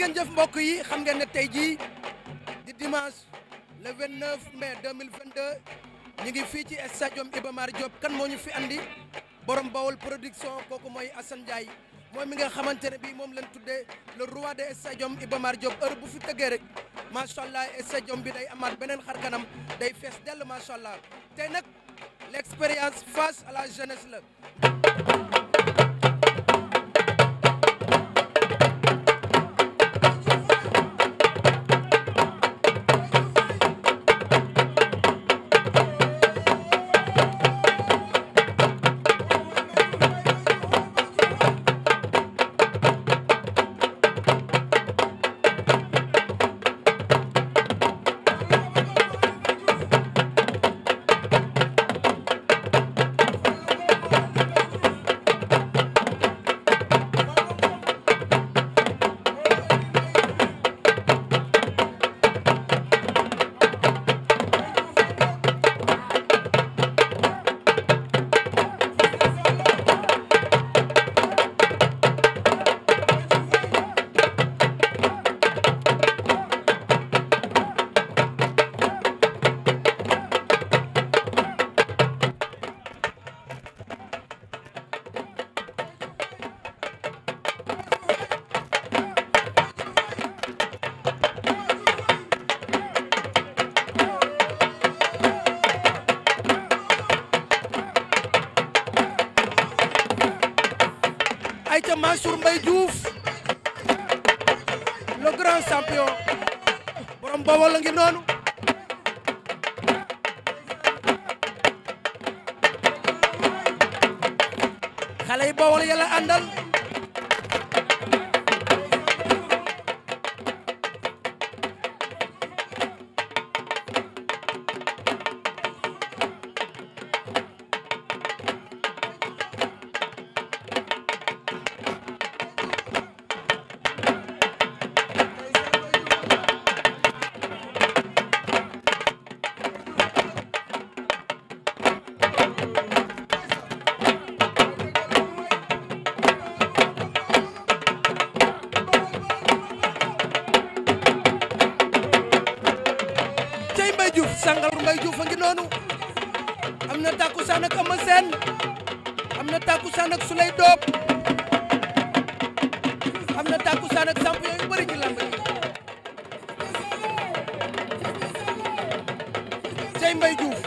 gën jëf mbokk yi xam ngeen ne tey jii di dimanche le 29 mai 2022 ñu ngi fii ci stadium Iba Mar Diop kan moo ñu fi andi borom Bawol production kooku mooy Assane Ndiaye mooy mi nga xamante ne bii moom lañ tuddee le roi de stadium Iba Mar Diop heure bu fi tëggee rek macha allah stadium bi day amaat beneen xar kanam day fees dell macha allah tey nag l' expérience face à la jeunesse la. am na takkusaan ak Eumeu Sène am na takkusaan ak Souley Doob am na takkusaan ak champion yu bëri ci lamb ji Cey Mbay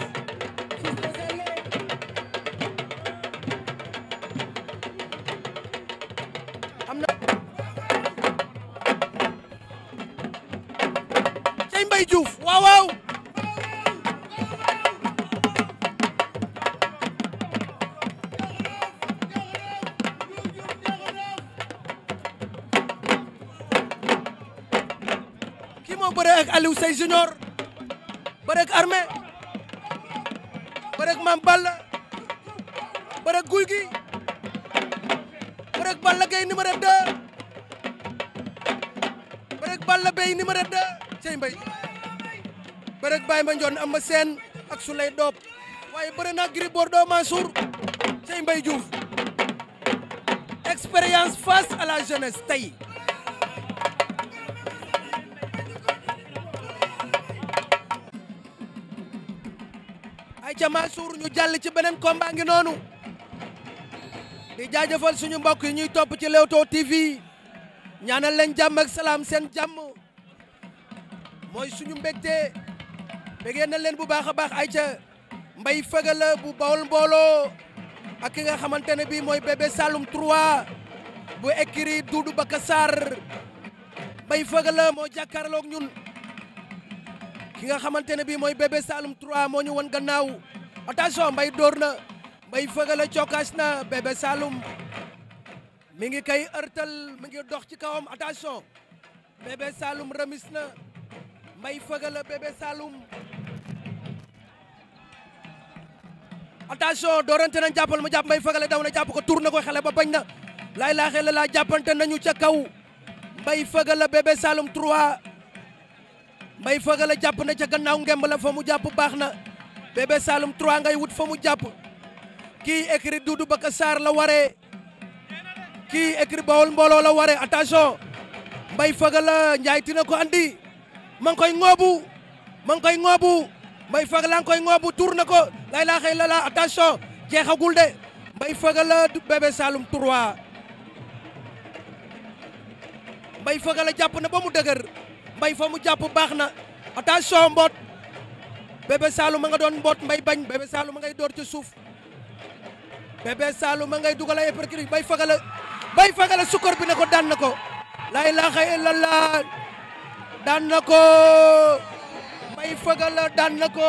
Aliou Seye Junior bëreg armée bëreg Mame Balla bëreg Gouye Gui bëreg Balla Gaye numéro 2 bëreg Balla Beye numéro 2 cey mbay bëreg Baye Mandione Eumeu Sène ak Souley Dop waaye bëre naa Gris Bordeaux Mansour cey mbay Diouf expérience face à la jeunesse tey ca Mansour ñu jàll ci beneen combat ngi noonu di jaajëfal suñu mbokk yi ñuy topp ci Leewtoo TV ñaanal leen jàmm salaam seen jàmm mooy suñu mbégte bégee na leen bu baax a baax ay ca mbay fëgal bu bawol mbooloo ak ki nga xamante ne bii mooy bébé Saloum 3 bu écrit Doudou Baka sar mbay fëgal la moo jàkkaarloog ñun ki nga xamante ne bii mooy bébé Saloum trois moo ñu won gannaaw attention mbay dóor na mbay fëgale cokkaas na bébé Saloum mi ngi kay ërtal mi ngi dox ci kawam attention bébé Saloum remis na mbay fëgale bébé Saloum attention doorante nañ jàppal mu jàpp mbay fëgale daw na jàpp ko tur na ko xale ba bañ na laay laa la jàppante nañu ca kaw mbay fëgale bébé Saloum 3 mbay fëgala jàpp na ca gannaaw ngemb la fa mu jàpp baax na bébé Saloum 3 ngay wut fa mu jàpp kii écrit Doudou Baka Sarr la waree kii écrit Bawol mbooloo la waree attention mbay fëgala njaay tina ko andi ma ngi koy ŋoobu ma ngi koy ŋoobu mbay fëgala ngi koy ŋoobu tuur na ko lay laa xëy la la attention jeexagul de mbay fëgala bébé Saloum 3 mbay fëgala jàpp na ba mu dëgër bay fa mu jàpp baax na attention mboot bébé Saloum ma nga doon mboot mbay bañ bébé Saloum ma ngay door ca suuf bébé Saloum ma ngay dugal ay bay fagala bay fagala sukkar bi ne ko daan na ko la ilaha daan na ko bay fagala daan na ko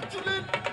tàccu leen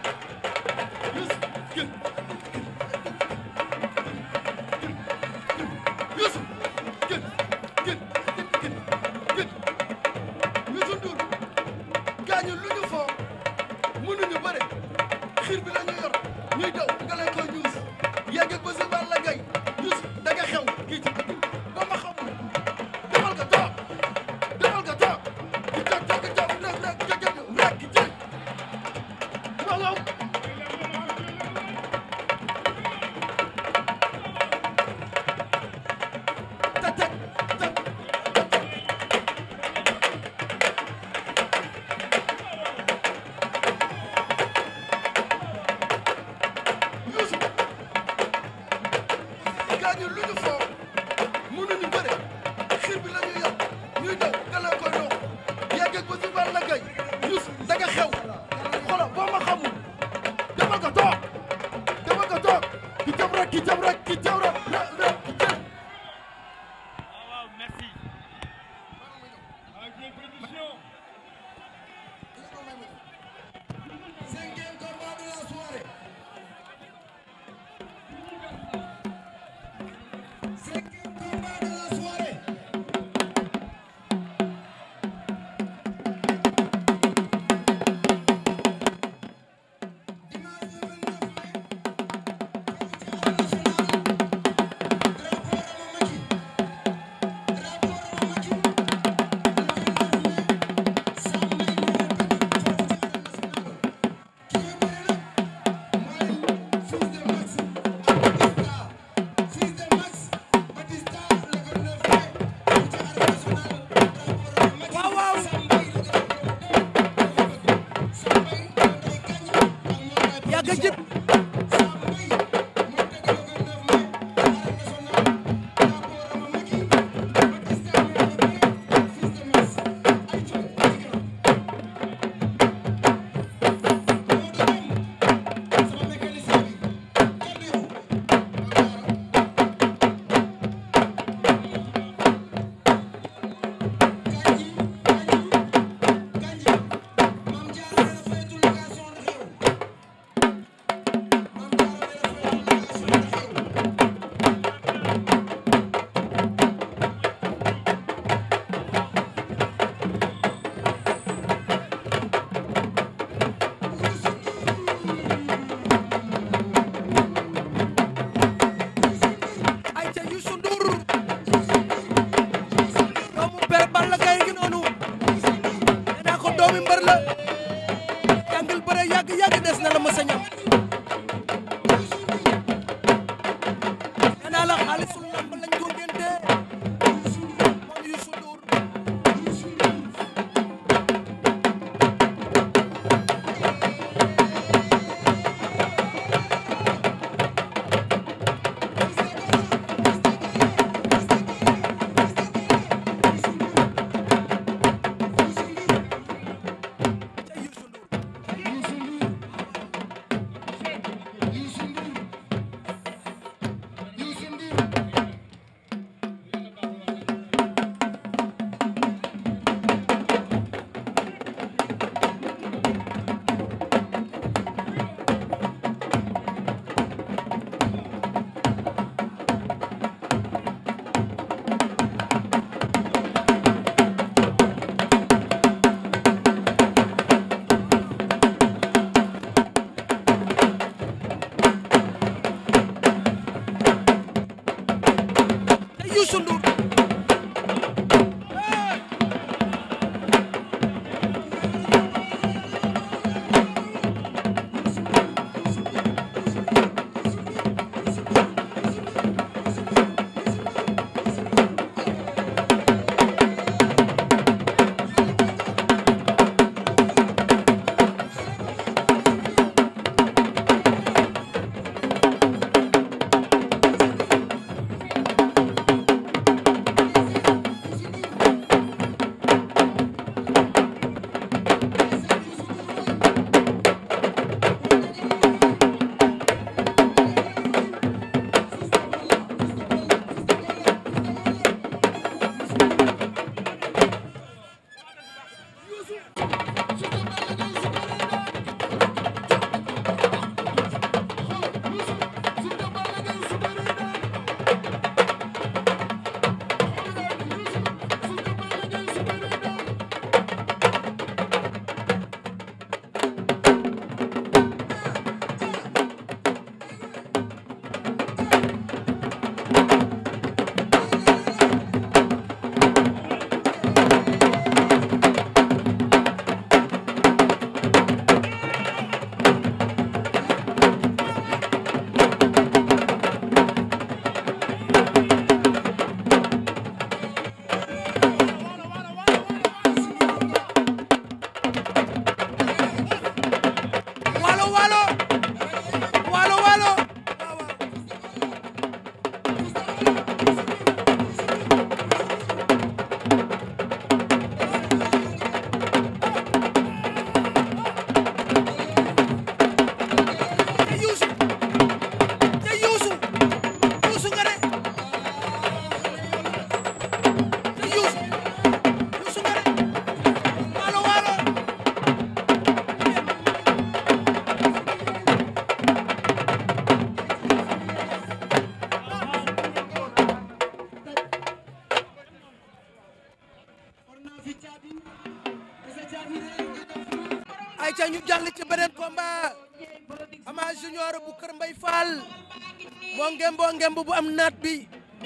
Baol moo ngem boo bu am naat bi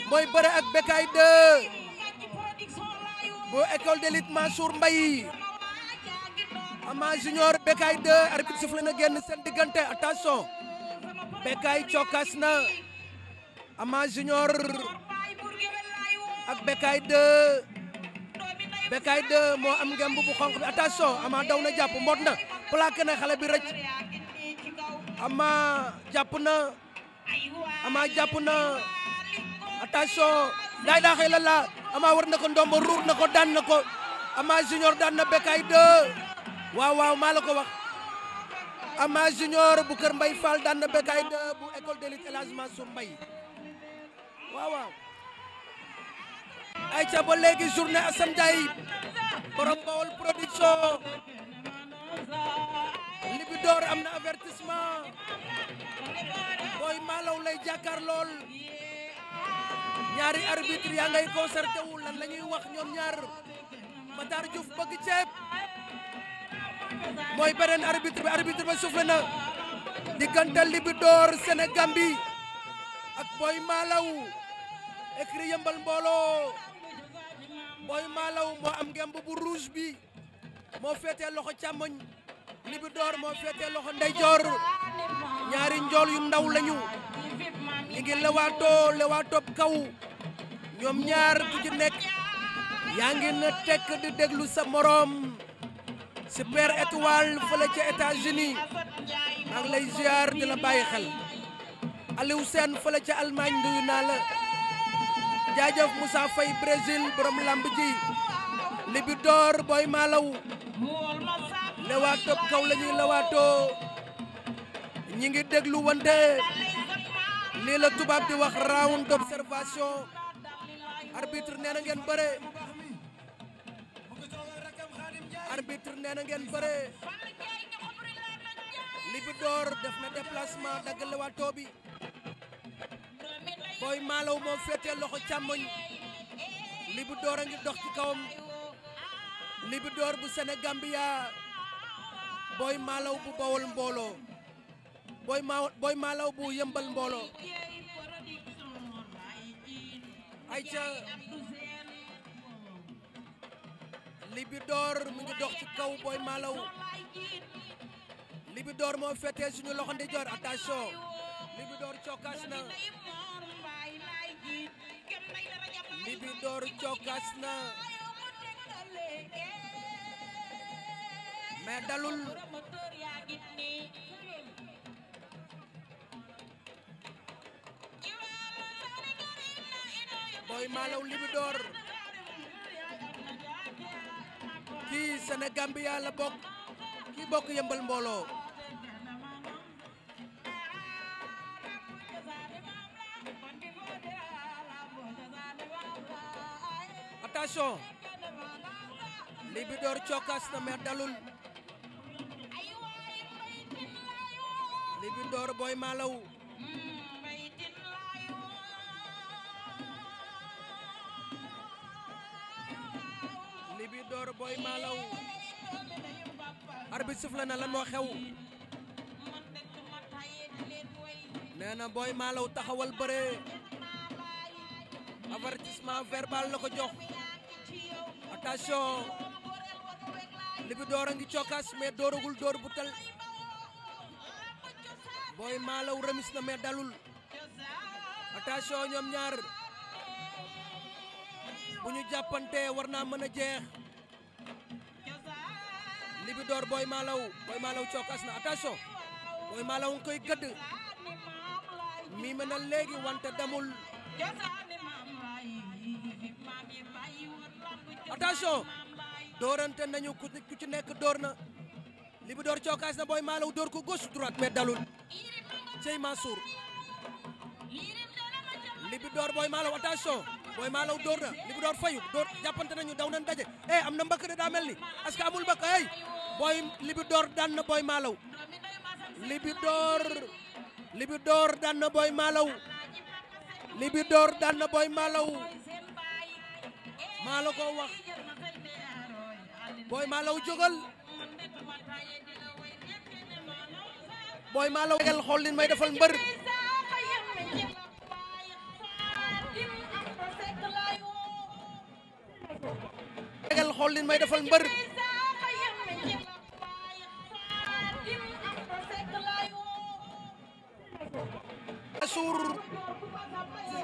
mooy bëre ak Bécaye 2 bu école d'élite Mansour Mbaye Ama Junior Bécaye 2 arbitre sifflé na génn seen diggante attention Bécaye cokkaas na Ama Junior ak Bécaye 2 Bécaye 2 moo am ngemb bu xonq bi attention Ama daw na jàpp mot na plaqué na xale bi rëcc Ama jàpp na ama jàpp na attention laa ilaaha illallah ama war na ko ndombo ruur na ko daan na ko ama junior daan na Bécaye 2 waaw waaw maa la ko wax ama junior bu kër Mbay Fall daan na Bécaye 2 bu école de lutte El Hadj Mansour waaw waaw ay ca ba léegi journée Assane Ndiaye borom Bawol production Libidor am na avertissement booy maalaw lay jàkkaar lool ñaari arbitre yaa ngay concerté wu lan la ñuy wax ñoom ñaar Matar Diouf bëgg ceeb mooy beneen arbitre bi arbitre ba soufflé na diggante Libidor Sénégambi ak booy maalaw écrit yëmbal mbooloo booy maalaw moo am ngemb bu rouge bi moo féetee loxo càmmoñ Libidor moo féetee loxo ndeyjoor ñaari njool yu ndaw lañu ñu ngi lewaatoo lewaatoob kaw ñoom ñaar ku ci nekk yaa ngi na tekk di déglu sa moroom super étoile fële ca États-Unis maa ngi lay ziar di la bàyyi xel Aliou Sène fële ca Allemagne nduyu naa la jaajëf Moussa Faye Brésil borom lamb ji Libidor booy maalaw lewaatoob kaw la lewaatoo ñi ngi déglu wante lii la tubaab di wax round d'observation arbitre nee na ngeen bëre arbitre nee na ngeen bëre Libidor def na déplacement dagg lewato bi Boy Malaw moo féetee loxo càmmoñ Libidor a ngi dox ci kawam Libidor bu Sénégambia Boy Malaw bu Bawol mbooloo booy maa booy maalaw bu yëmbal mbooloo ay ca Libidor mu ngi dox ci kaw booy maalaw Libidor moo féetee suñu loxo ndijoor attention Libidor cokkaas cokkaas na mais dalul Boy Malaw Libidor kii Sénégambia la bokk kii bokk yëmbal mbooloo attention Libidor cokkaas na mais dalul Libidor Boy Malaw booy maalaw na lan xew nee na booy maalaw taxawal bëre avertissement verbal la ko jox attention Libidor a ngi cokkaas mais dooragul door bu tal booy maalaw remis na mais dalul attention ñoom ñaar bu ñu jàppante war naa mën a jeex Libidor Boy Malaw Boy Malaw cokkas na attention Boy Malaw nga koy gëdd mi mën na léegi wante demul attention doorante nañu ku ci nekk door na door cokkas na Boy Malaw door ko gauche droite mais dalul Sey Mansour Libidor Boy Malaw attention booy maalaw dóor na li bu door fayu dóor jàppante nañu daw nañ daje eh am na mbëkk de daa mel ni est-ce amul mbëkk hey eh, booy li bu door daan na booy maalaw li daan na booy maalaw li bi door daan na booy maalaw ko wax booy maalaw jógal booy maalaw li may defal mbër tegal xool lin may defal mbër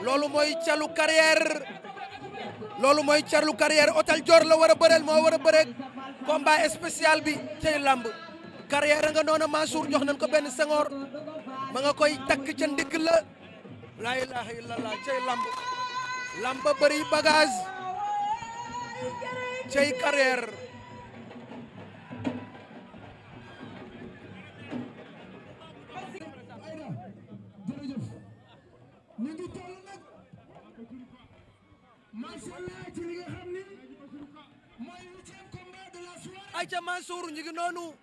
loolu mooy calu carrière loolu mooy calu carrière la war a bëreel moo war a bëreeg combat bi ci làmb carrière nga noona Mansour jox nañ ko benn sengoor ma nga koy takk ca ndigg la laa làmb làmb bëri bagage cey carrière jërëjëf ñu ngi toll ni mooy ngi noonu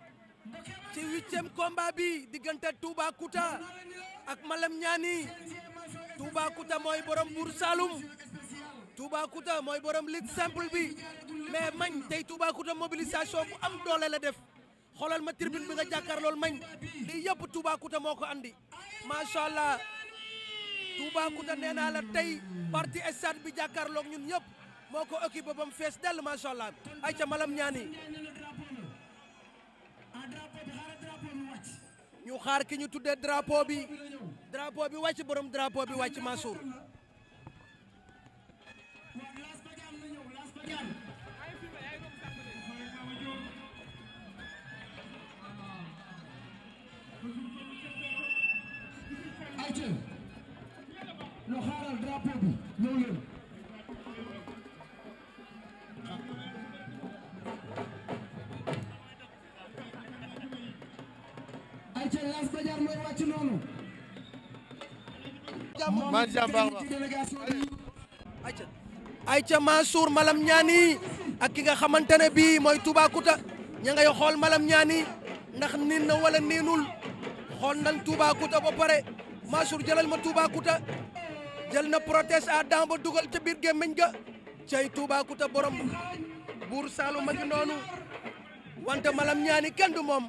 ci huitième combat bi diggante Toubacouta ak Malam Ñaani Toubacouta mooy borom Buur Saalum Toubacouta mooy borom lit simple bi mais mañ tey Toubacouta mobilisation bu am doole la def xoolal ma tirbit bi nga jàkkaar mañ lii yëpp Toubacouta moo ko andi macha allah Toubacouta nee naa la tey parti stade bi jàkkaarloog ñun ñëpp moo ko occupé ba mu fees dell macha allah ay ca malam ñaani ñu xaar ki ñu tuddee drapeau bi drapeau bi wàcc borom drapeau bi wàcc Mansour Lass Badiane mooy wàcc noonu. Malam Ñaani ak ki nga xamante ne bii mooy Toubacouta ña ngay xool Malam Ñaani ndax niin na wala niinul xool nañ Toubacouta ba pare Mansour jëlal ma Toubacouta jël na protest a dent dugal ca biir gémmiñ ga cay Toubacouta borom buur Saalum a noonu wante Malam Ñaani kenn moom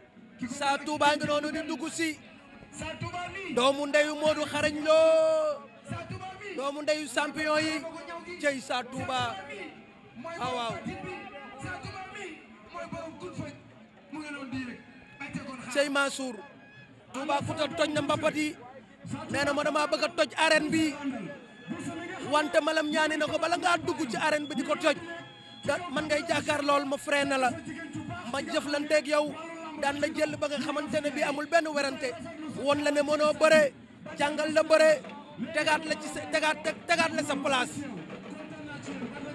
saa Touba ngi noonu di dugg si doomu ndeyu Modou xarañ loo doomu ndeyu champion yi cëy saa Touba waaw waaw cëy Mansour Touba Fouta toj na mbapat yi nee dama bëgg a toj arène bi wante malam ñaani na ko bala ngaa dugg ci arène bi di ko toj da man ngay jàkkaar lool ma freiné la ma jëflanteeg yow daan la jël ba nga xamante ne bii amul benn werante won la ne mënoo bëre jàngal la bëre tegaat la ci sa tegaat tegaat la sa place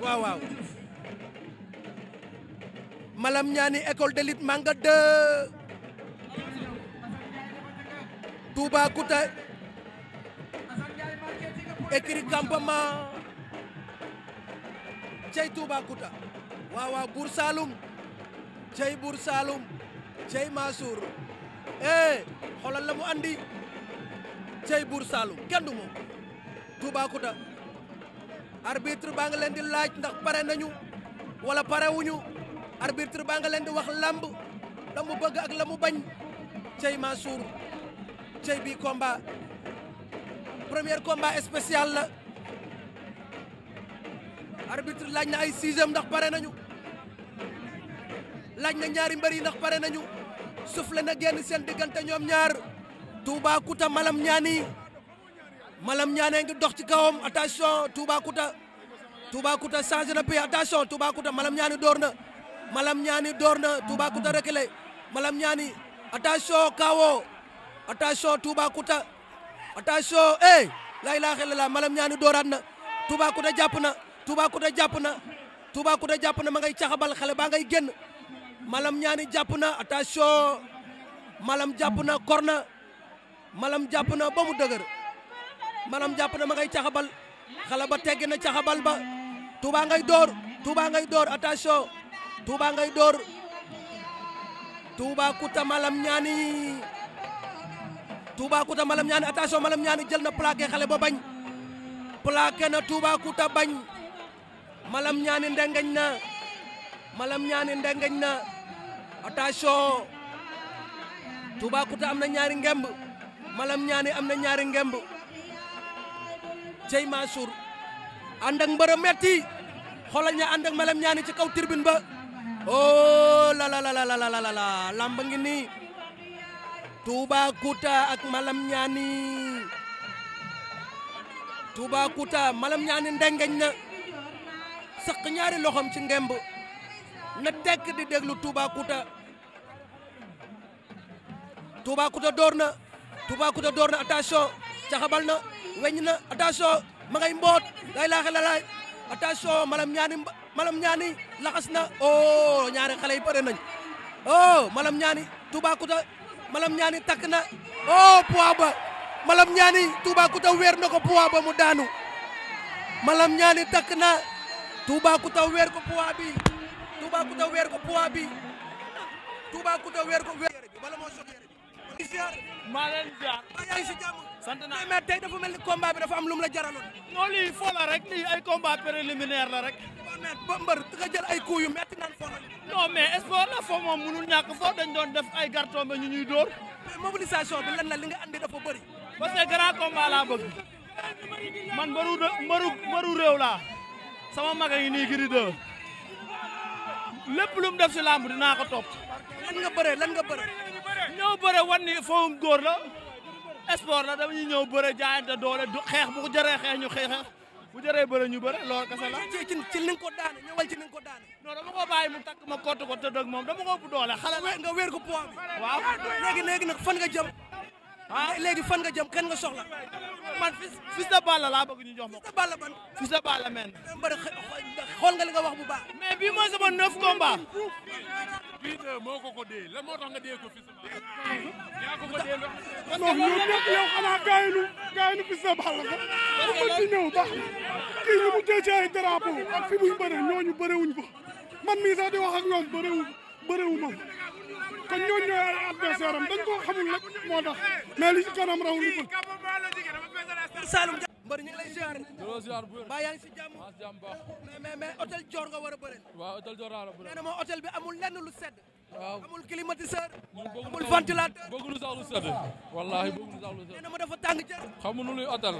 waaw waaw. malam ñaani école de lutte Manga 2 Toubacouta écrit campement cey Toubacouta waaw waaw Buur Saalum cey Buur Saalum cey Mansour eh xoolal la mu andi cey Buur Saalum kenn du moom Toubacouta arbitre baa nga leen di laaj ndax pare nañu wala pare wuñu arbitre baa nga leen di wax lamb la mu bëgg ak la mu bañ cey Mansour cey bi combat premier combat spécial la arbitre laaj na ay sixième ndax pare nañu laaj na ñaari mbër yi ndax pare nañu soufflé na génn seen diggante ñoom ñaar Toubacouta Malam Ñaani Malam Ñaane ngi dox ci kawam attention Toubacouta Toubacouta changé na pied attention Toubacouta Malam Ñaani door na Malam Ñaani door na Toubacouta reculé Malam Ñaani attention kawo attention Toubacouta attention eh lay laa xel la Malam Ñaani dooraat na Toubacouta jàpp na Toubacouta jàpp na Toubacouta jàpp na ma ngay caxabal xale baa ngay génn malam ñaani jàpp na attention malam jàpp na kor na malam jàpp na ba mu dëgër malam jàpp na ma ngay caxabal xala ba tegg na caxabal ba Touba ngay door Touba ngay door attention Touba ngay door Touba Kouta malam ñaani Touba Kouta malam ñaani attention malam ñaani jël na plaqué xale ba bañ plaqué na Touba Kouta bañ malam ñaani ndengeñ na malam ñaani ndengeñ na attention Toubacouta am na ñaari ngemb malam ñaani am na ñaari ngemb cey Mansour ànd ak mbër a metti xoolal ña ànd ak malam ñaani ci kaw tribune ba oh la la la la la la la làmb ngi nii Toubacouta ak malam ñaani Toubacouta malam ñaani ndengeñ na sëq ñaari loxoom ci ngemb na tekk di déglu Toubacouta Toubacouta door na Toubacouta door na attention caxabal na weñ na attention ma ngay mboot lay laaxe la laay attention malam ñaani malam ñaani laxas na oh ñaari xale yi bëre nañ oh malam ñaani Toubacouta malam ñaani takk na oh poids ba malam ñaani Toubacouta weer na ko poids ba mu daanu malam ñaani takk na Toubacouta weer ko poids Toubacouta weer ko poids bi Toubacouta weer ko weer bi wala moo sot yére bi ziar si jàmm sant naa mais tey dafa mel ni bi dafa am lu mu la jaraloon non lii fo la rek lii ay combat préliminaire la rek ba mbër a jël ay coups yu metti naan fo non mais espoir la fo moom mënul ñàkk fo def ay gartombe ñu dóor mais bi lan la li nga andi dafa bëri parce que grand combat laa bëgg man mbaru mbaru mbaru réew laa sama mag a nii giri lépp lu mu def si làmb naa ko topp. lan nga bëree lan nga bëree. ñëw bëre wan ni foofum góor la sport la dama ñu ñëw bëre jaayante doole du xeex bu jëree xeex ñu xeex bu jëree bëre ñu bëre loolu kese la. ci ci li ko daane ñëwal ci li nga ko daane. non dama ko bàyyi mu takk ma kott ko tëdd ak moom dama ko bu doole xale nga wér ko poids waaw léegi léegi nag fan nga jëm. Ah, léegi fan nga jëm kan nga soxla. man fils de Balla laa bëgg ñu jox ma ko. fils de li nga wax bu baax. mais bii mooy sama neuf combat. bii moo ko ko dee lan moo tax nga dee ko fils de Balla. yaa ko ñoom yow xanaa gaañu nu gaañu nu Balla nga. bu mën di ñëw baax mu tee ay drapeau ak fi muy bëre ñooñu bërewuñ ko man mii di wax ak ñoom bërewu bërewu ka ñooñu ñooy ay adversaire am dañ koo xamul nag moo tax mais li ci kanam raw lu bët. Saloum. mbër ñu ngi lay ziar. delloo ziar bu wér. mbaa yaa ngi si jàmm. maa si jàmm baax. mais a a bëre. nee na bi amul lenn lu sedd. waaw amul climatiseur. amul ventilateur bëgguñu sax lu sedd. wallaahi bëgguñu sax lu sedd. nee na ma dafa tàng jër. xamuñu luy hôtel.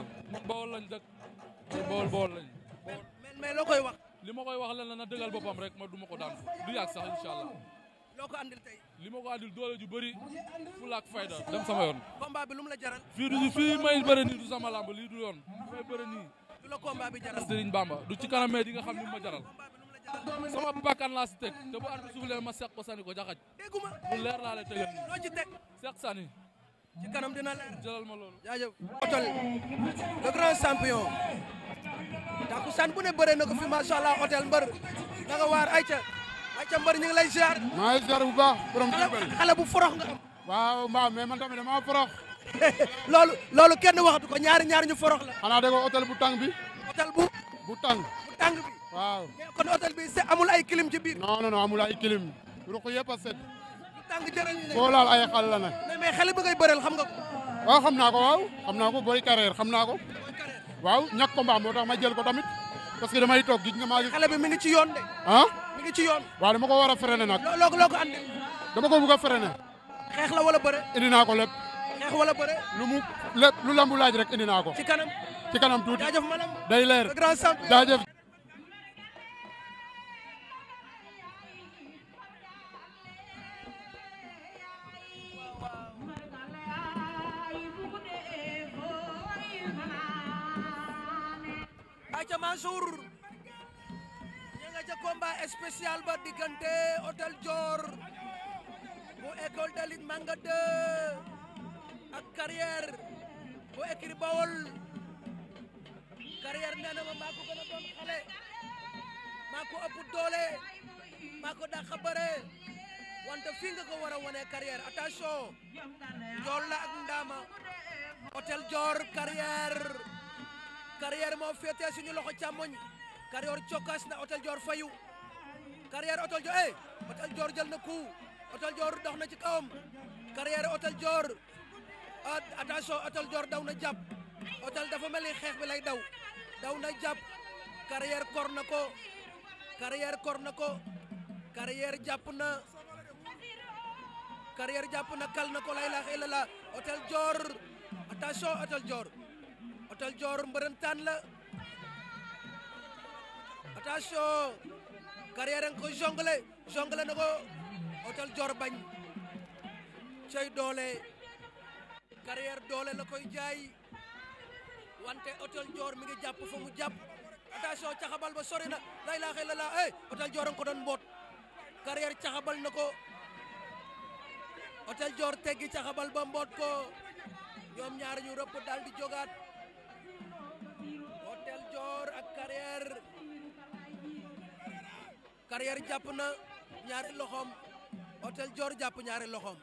Bawol lañ dëkk. Bawol Bawol lañ. mais mais loo koy wax. li ma koy wax lenn na dëggal boppam rek ma du ma ko daan du yàgg sax loo ko andil tey li ma ko andil doole ju bëri fulla ak fayda dem sama yoon la jaral fii du fii may bëri nii du sama lamb lii du yoon may bëri nii du la combat bi jaral du ci kanam di nga xam ni ma jaral sama bakkan laa si teg te bu ma seq ko sani ko jaxaj dégguma bu leer laa lay tëjal loo ci teg seq sani ci kanam dina leer ma loolu jaajëf otol le grand champion takusaan bu ne bëre na ko fi macha waar ayca waaye ca mbër ñu ngi lay ziar. maa ngi ziar bu baax borom xale bu forox nga waaw mbaa mais man tamit dama forox. loolu kenn waxatu ko ñaari ñaari ñu forox la. xanaa déggoo hôtel bu tàng bi. hôtel bu. bu tàng. bu tàng bi. waaw kon hôtel bi c'est amul ay clim ci biir. non non amul ay clim. ruq yëpp a set. bu tàng jërëñ ne. foo laal ay xal la nag. mais mais xale bi ngay xam nga ko. waaw xam naa ko waaw. xam naa ko booy carrière xam naa ko. waaw ñàkk ko mbaa moo tax ma jël ko tamit. parce que damay toog gis nga maa ngi. xale bi mi ngi ci yoon de. ah mi ngi ci yoon. waaw dama ko war a freiné nag. loo loo ko andi. dama ko bëgg a freiné. xeex la wala bëre. indi naa ko lépp. xeex wala bëre. lu mu lépp lu lambu laaj rek indi naa ko. ci kanam ci kanam tuuti. jaajëf maanaam day leer. grand aca Mansour ña nga ca combat spécial ba diggante hôtel Dior bu école de lutte Manga ak carrière bu écrit Bawol carrière nee ma maa ko doon xale maa ëpp doole maa ko dàq bëre wante fii nga wane carrière attention Dior la ak Ndama hôtel carrière moo féetee suñu loxo càmmoñ carrière cokkaas na hôtel Dior fayu carrière hôtel Dior eh, jël na coup hôtel Dior dox na ci kawam carrière hôtel Dior ah, attention hôtel Dior daw na jàpp hôtel dafa mel ni xeex bi lay daw daw na jàpp carrière kor na ko carrière kor na ko carrière jàpp na carrière jàpp na kal na ko lay laax ila la hôtel Dior attention hôtel hôtel Dior mbërëntaan la attention carrière nga ko jongle jongle na ko hôtel Dior bañ cey doole carrière doole la koy jaay wante hôtel Dior mi ngi jàpp fa mu jàpp attention caxabal ba sori na la ilaha illallah eh hôtel Dior nga ko doon mboot carrière caxabal na ko hôtel Dior teggi caxabal ba mboot ko ñoom ñaar ñu rëpp daal di jogaat ak carrière jàpp na ñaari loxoom hôtel Dior jàpp ñaari loxoom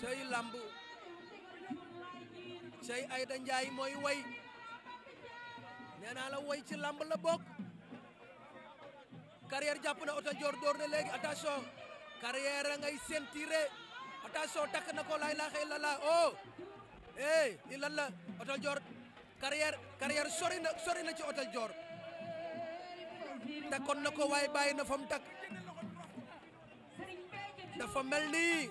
sey lamb sey Ayda Njaay mooy way nee naa la way ci lamb la bokk carrière jàpp na hôtel Dior door na léegi attention carrière ngay sentiré attention takk na ko laay laa xëy la laa oh eh la hôtel Dior carrière carrière sori na sori na ci hôtel Dior takkoon na ko waaye bàyyi na fa mu takk dafa mel ni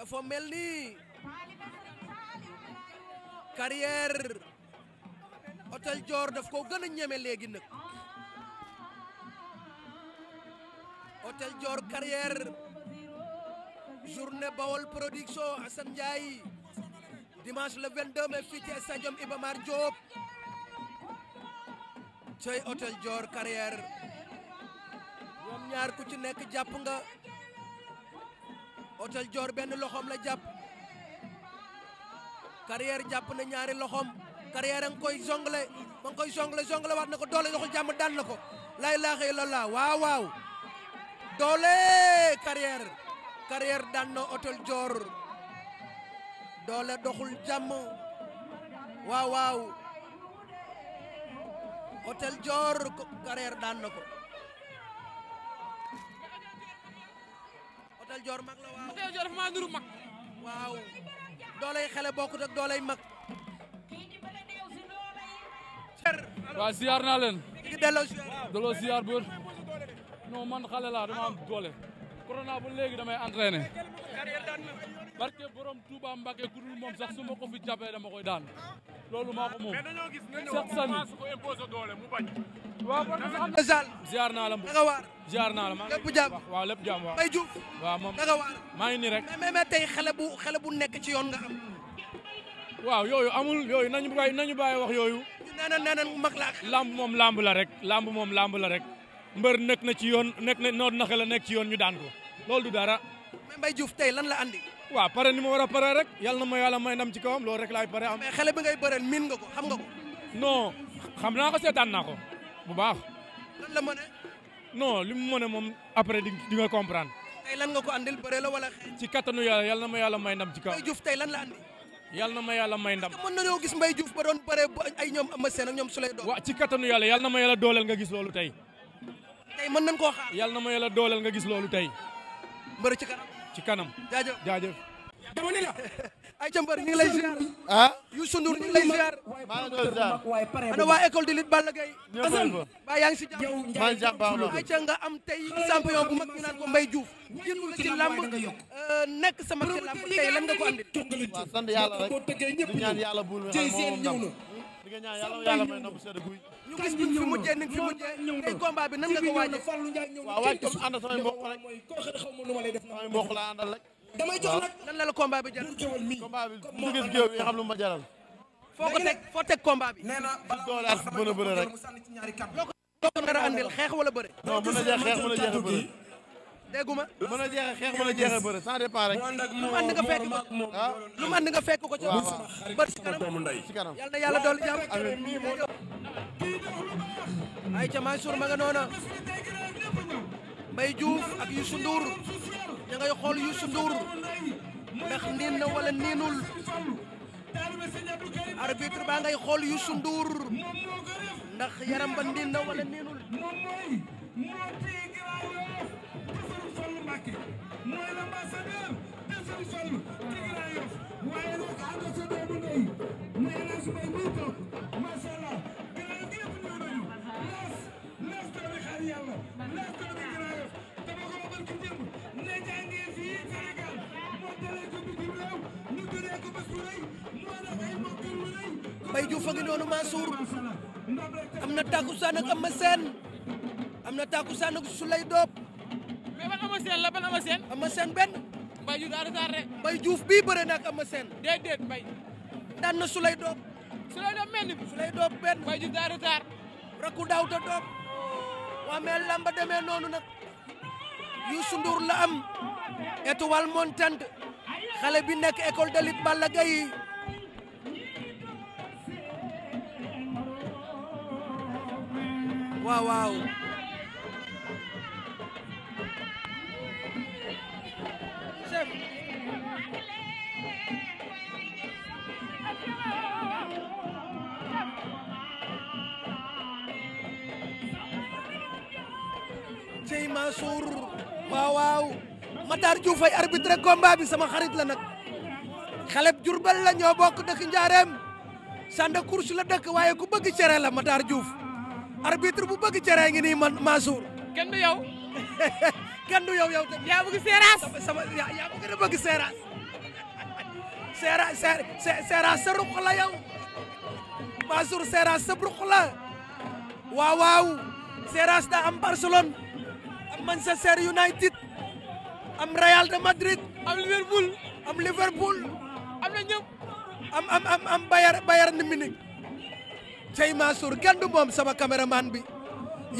dafa mel nii carrière hôtel Dior daf koo gën a ñeme léegi nag hôtel Dior carrière journée Bawol production Assane dimanche le 22 mai fii ci stadium Iba Mar Diop cey hôtel Dior carrière ñoom ñaar ku ci nekk jàpp nga hôtel joor benn loxoom la jàpp carrière jàpp na ñaari loxoom carrière a nga koy jongle ma nga koy jongle waat na ko doole doxul jàmm daan na ko lay laaxee lola waaw waaw doole carrière carrière daan hôtel Dior doole doxul jàmm waaw waaw hôtel Dior Carrère daan na ko hôtel Dior mag la waaw hôtel Dior dafa maa nuru mag waaw dooley xale bokkut ak dooley mag waaw ziar naa leen delloo ziar bër non man xale laa dama am doole corona ba léegi damay entraîné barke borom Touba Mbacke ku dul moom sax su ma ko fi jàppee dama koy daan loolu maa moom. mais dañoo gis nga ñëw commencé ko imposer naa la nga waar ziar naa la maa ngi lépp jàmm waaw moom nga maa ngi rek. mais mais tey xale bu xale bu nekk ci yoon nga waaw yooyu amul yooyu nañu bàyyi nañu bàyyi wax yooyu. nee na nee na mag la ak. lamb moom lamb la rek lamb moom lamb la rek mbër nekk na ci yoon nekk na noonu naka la nekk ci yoon ñu daan ko loolu du dara mais Mbaye Diouf tey lan la andi. waaw pare ni ma war a pare rek yàlla na ma yàlla may ndam ci kawam loolu rek laay pare am. mais xale bi ngay bëreel miin nga ko xam nga ko. non xam naa ko seetaan naa ko bu baax. lan la mën a. non li mu mën a moom après di nga comprendre. tey lan nga ko andil bëre la wala. ci kattanu yàlla yàlla na ma yàlla may ndam ci a Mbaye Diouf na ma yàlla may ndam mën nañoo gis Mbaye Diouf ba doon bare ba ay ñoom Ama Sène ak ñoom su lay doon waaw ci kattanu yàlla yàlla na ma yàlla dooleel nga gis loolu tey tey mën nañ koo xaar yàlla na ma yàlla dooleel nga gis loolu tey mbër ci kanam. ci kanam jaajëf jaajëf. dama ne la. ay ca mbër ñu ngi lay ziar. ah Youssou Ndour ñu ngi lay ah? ziar. maa ngi doon ziar. ana waa école de lutte Balla Gaye. Assane ba yaa ngi si jàmm. maa ngi jàpp baax na. ay ca nga am tey champion bu mag ñu naan ko Mbaye Diouf. jëndul ci làmb euh, nekk sama ci làmb tey lan nga ko andi. waaw sant yàlla rek di ñaan yàlla buul di nga ñaan yàlla yàlla may ndam sedd guy ñu gis ñu fi mujjee ni fi mujjee tey combat bi ko waajee waaw waaj ko ànd samay mbokk rek samay mbokk laa àndal rek damay jox nag lan la la combat bi jaral combat bi mu gis géew bi nga xam lu ma jaral foo ko teg foo teg combat bi nee a bëre rek loo ko dara andil xeex wala bëre non mën a jeex xeex mën a jeex bëre dégguma mën a jeexe xeex mën a jeexe bëre sans départ rek lu man nga fekk ah? nga fekk ko ci bër ci kanam ci kanam yàlla na yàlla dolli jàmm ay ca Mansour ma nga noona Mbaye Diouf ak Youssou Ndour ña ngay xool Youssou Ndour ndax niin na niinul arbitre baa ngay xool Youssou Ndour ndax yaram ba niin niinul mooy l'ambassadeur de seen sol ci Grand waaye nag ànd sa doomu ndey mooy El Hadj Mbaye mii toog macha allah gannaaw gi yëpp ñëw nañu laas laas moo dalee ko bitim réew ñu tuddee ko moo def ay mokkal lu rëy. Mbaye noonu Mansour am na takkusaan ak Ama Sène am na takkusaan ak Souley mais ban ama seen la ban ama seen. benn. Mbaye Diouf daa retardé. bii bëre na ak ama seen. déedéet Mbaye. daan na su lay waa mais lamba demee noonu nag. Youssou Ndour la am. étoile montante. xale bi nekk école de lutte Balla Gaye waaw waaw. Mansour waaw waaw bi sama xarit la nag xaleb Jurbel la ñoo bokk dëkk Njaareem sanda la dëkk waaye ku bëgg la Matar Diouf arbitre yow. kenn du yow yow tamit. yaa sa ruq sa ruq la waaw waaw seeraas daa am Barcelone. am Manchester United am Real de Madrid am Liverpool am Liverpool am na ñëpp am am am am Bayern Bayern Munich cey Mansour kenn du moom sama caméraman bi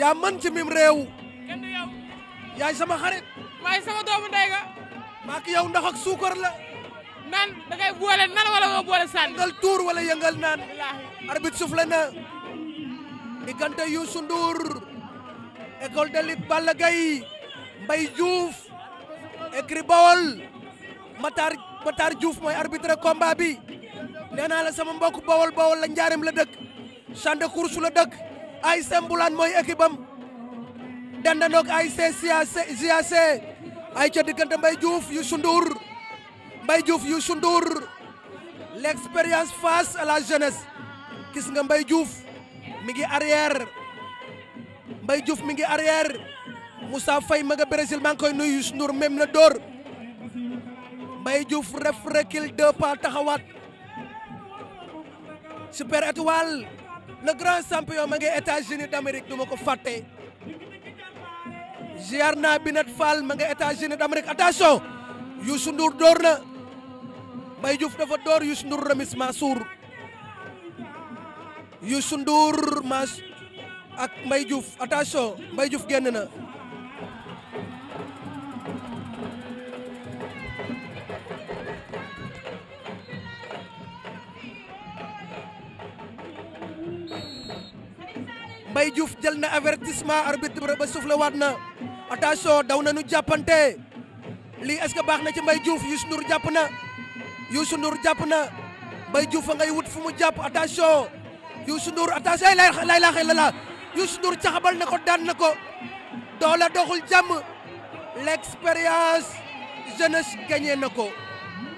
yaa mën ci mim réew kenn du yow yaay sama xarit maay sama doomu maa ki yow ndax ak suukar la naan da ngay boole nan wala nga boole sànni yëngal tuur wala yëngal naan arbitre soufflé na diggante Youssou Ndour école de lutte Balla Gaye Mbaye Diouf écrit Bawol Matar Matar Diouf mooy arbitre combat bi nee la sama mbokk Bawol Bawol la njaarim la dëkk champ de course la dëkk ay sembulaan mooy équipe am dendandoog ay CCAC GAC ay ca diggante Mbaye Diouf Youssou Ndour Mbaye Diouf Youssou Ndour l'expérience face à la jeunesse gis nga Mbaye Diouf mi ngi arrière Mbaye Diouf mi ngi arrière Moussa Faye ma nga Brésil maa ngi koy nuyu Youssou Ndour même na dóor Mbaye Diouf ref recul deux pas taxawaat super étoile le grand champion ma ngi États-Unis d'Amérique du ko fàtte ziar naa Binat ma nga États-Unis d'Amérique attention Youssou Ndour dóor na Mbaye Diouf dafa dóor Youssou Ndour remis Mansour Youssou Ndour Mansour ak Mbaye Diouf attention Mbaye Diouf génn na Mbaye Diouf jël na avertissement arbitre ba suuf la waat na attention daw na nu jàppante lii est-ce baax na ci Mbaye Diouf Youssou Ndour jàpp na Youssou Ndour jàpp na Mbaye Diouf a ngay wut fu mu jàpp attention Youssou Ndour attention ay lay lay la la Youssou Ndour caxabal na ko daan na ko doole doxul jàmm l'expérience jeunesse gagné na ko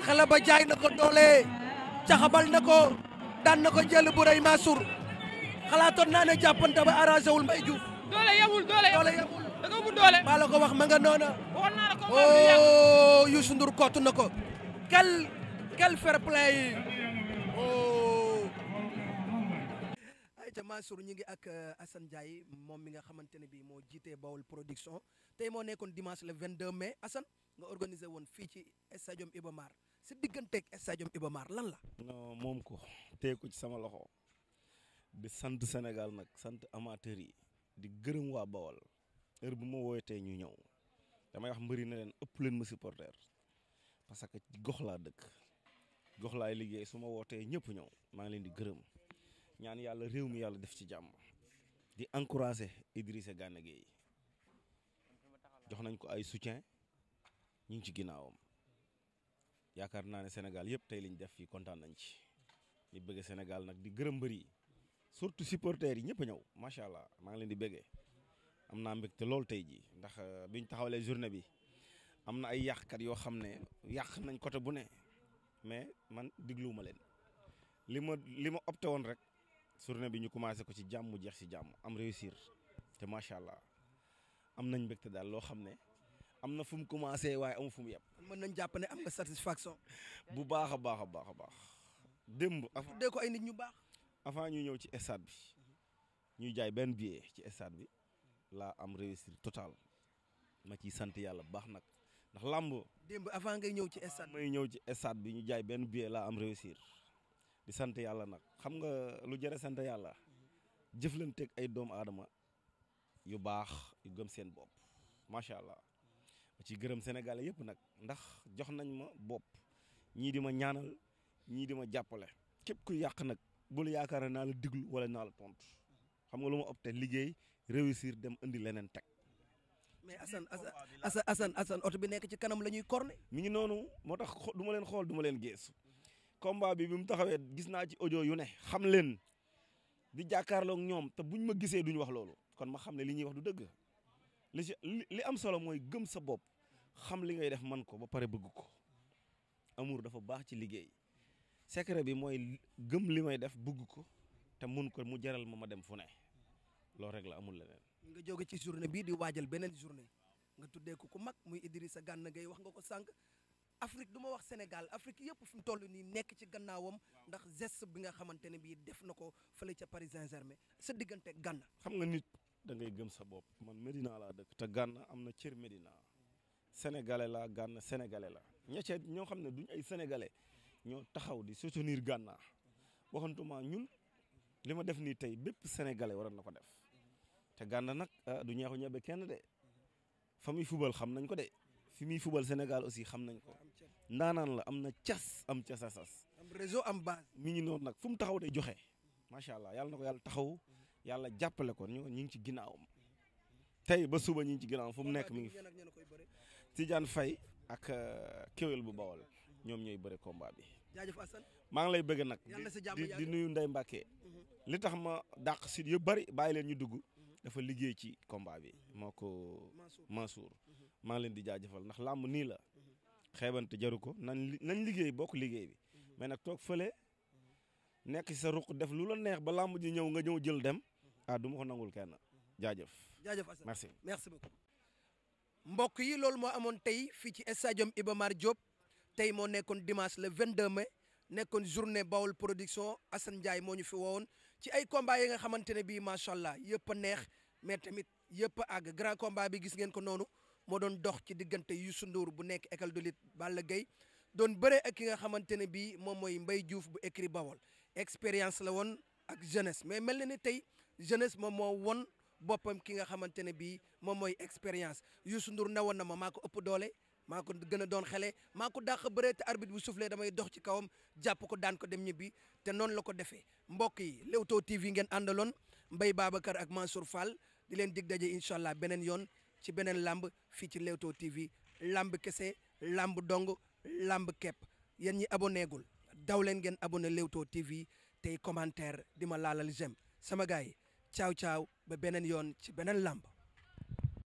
xale ba jaay na ko doole caxabal na ko daan na ko jël bu rëy xalaatoon naa ne jàppante ba arrangé wul Mbaye doole yamul doole yamul da nga doole. maa ko wax ma noona. waxoon naa la ko oh, na ko. quel quel fair play oh. ayca Mansour ñu ngi ak euh, Assane Ndiaye moom mi nga xamante ne bii moo jiitee Bawol production tey moo nekkoon dimanche le 22 mais assan nga organisé woon fii ci stadium Iba Mar sa digganteeg stadium Iba Mar lan la. non moom ko tey ko ci sama loxo bi sant Sénégal nag sant amateurs yi di gërëm waa Bawol heure bu ma wootee ñu ñëw damay wax mbëri na leen ëpp leen ma supporter parce que gox laa dëkk gox laay liggéey su ma wootee ñëpp ñëw maa ngi leen di gërëm. ñaan yàlla réew mi yàlla def ci jàmm di encourager Idrissa Gana Gueye jox nañ ko ay soutien ñu ngi ci ginnaawam yaakaar naa ne Sénégal yëpp tey liñ def fii kontaan nañ ci ñu bëgg Sénégal nag di gërëm mbër yi surtout supporters yi ñëpp ñëw macha allah maa ngi leen di bëggee am naa te lool tey jii ndax euh, biñ taxaw taxawalee journée bi am na ay yàqkat yoo xam ne yàq nañ côté bu ne mais man digluwuma leen li ma li ma opté woon rek journée bi ñu commencé ko ci jàmm mu jeex ci jàmm am réussir te macha allah am nañ mbekk daal loo xam ne am na fu mu commencé waaye amu fu mu yem. mën nañ jàpp ne am nga satisfaction. bu baax a baax a baax a baax. démb. tuddee ko ay nit ñu baax. avant ñu ñëw ci stade bi ñuy jaay benn billet ci stade bi laa am réussir total ma ciy sant yàlla baax nag ndax làmb. démb avant ngay ñëw ci stade bi may ñëw ci stade bi ñu jaay benn billet laa am réussir. di sant yàlla nag xam nga lu jëre sant yàlla jëflanteeg ay doomu aadama yu baax yu gëm seen bopp macha allah ma ci gërëm Sénégalais yëpp nag ndax jox nañ ma bopp ñii di ma ñaanal ñii di ma jàppale. képp ku yàq nag bul yaakaar naa la diglu wala naa la tontu xam nga lu ma opté liggéey réussir dem indi leneen teg. mais Assane Assane asan asan oto bi nekk ci kanam la ñuy corné. mi ngi noonu moo tax du ma leen xool duma leen geesu. combat bi bi mu taxawee gis naa ci audio yu ne xam leen di jàkkaarloog ñoom te buñ ma gisee duñ wax loolu kon ma xam ne li ñuy wax du dëgg li li am solo mooy gëm sa bopp xam li ngay def man ko ba pare bëgg ko amour dafa baax ci liggéey secret bi mooy gëm li may def bugg ko te mun ko mu jaral ma ma dem fu ne loolu rek la amul leneen. nga jóge ci journée bii di waajal beneen journée nga tuddee ko ku mag muy sa Gana Gueye wax nga ko sànq Afrique du ma wax Sénégal Afrique yëpp fu mu toll nii nekk ci gannaawam ndax geste bi nga xamante ne bii def na ko fële ca Paris Saint-Germain sa diggante Gana. xam nga nit da ngay gëm sa bopp man Medina laa dëkk te Gana am na cër Medina sénégalais la Gana sénégalais la ña ñoo xam ne duñ ay sénégalais ñoo taxaw di soutenir Gana waxantuma ñun li ma def nii tey bépp sénégalais waroon na ko def te Gana nag ah, du ñeexu ñebe kenn de fa fubal xam nañ ko de. fi muy fubal Sénégal aussi xam nañ ko ndaanaan la am na cas am casasas sas réseau am base mi ngi noonu nag fu mu taxaw day joxe macha allah yàlla na ko yàlla taxaw yàlla jàppale ko ñu ñu ngi ci ginnaaw ginnaawam tey ba suba ñu ngi ci ginnaawam fu mu nekk mi ngi fi Tidiane Faye ak kéwél euh, bu bawol ñoom ñooy bëri combat bi. jaajëf maa ngi lay bëgg nag. di di nuyu nday Mbacke. Mhm. li tax ma dàq si yu bëri bàyyi leen ñu dugg. Mhm. dafa liggéey ci combat bi moo ko Mansour. Mhm. maa ngi leen di jaajëfal ndax làmb nii la xeebante jaru ko nañ nañ liggéey bokk liggéey bi mais nag toog fële nekk si sa ruq def lu la neex ba làmb ji ñëw nga ñëw jël dem ah du ma nangul kenn jaajëf. jaajëf Assane merci merci beaucoup. mbokk yi loolu moo amoon tey fii ci stadium Iba Mar Diop tey moo nekkoon dimanche le 22 mai nekkoon journée Bawol production Assane Ndiaye moo ñu fi woowoon ci ay combats yi nga xamante ne bii macha allah yëpp a neex mais tamit yëpp àgg grand combat bi gis ngeen ko noonu. moo doon dox ci diggante Youssou Ndour bu nekk école de lutte Balla Gaye doon bëre ak ki nga xamante ne bii moom mooy mbay Diouf bu écrit Bawol expérience la woon ak jeunesse mais mel na ni tey jeunesse moom moo won boppam ki nga xamante ne bii moom mooy expérience Youssou Ndour ne woon na ma maa ko ëpp doole maa ko gën a doon xele maa ko dàq bëree te arbitre bu soufflé damay dox ci kawam jàpp ko daan ko dem ñibbi te noonu la ko defee mbokk yi Leewtoo TV ngeen àndaloon mbay Babacar ak Mansour Fall di daje incha allah beneen yoon ci beneen làmb fii ci Leewtoo TV làmb kese làmb dong làmb kepp yéen ñi abonné gul daw leen ngeen abonné Leewtoo TV tey commentaire di ma laalal j'aime sama gars yi caaw caaw ba beneen yoon ci beneen làmb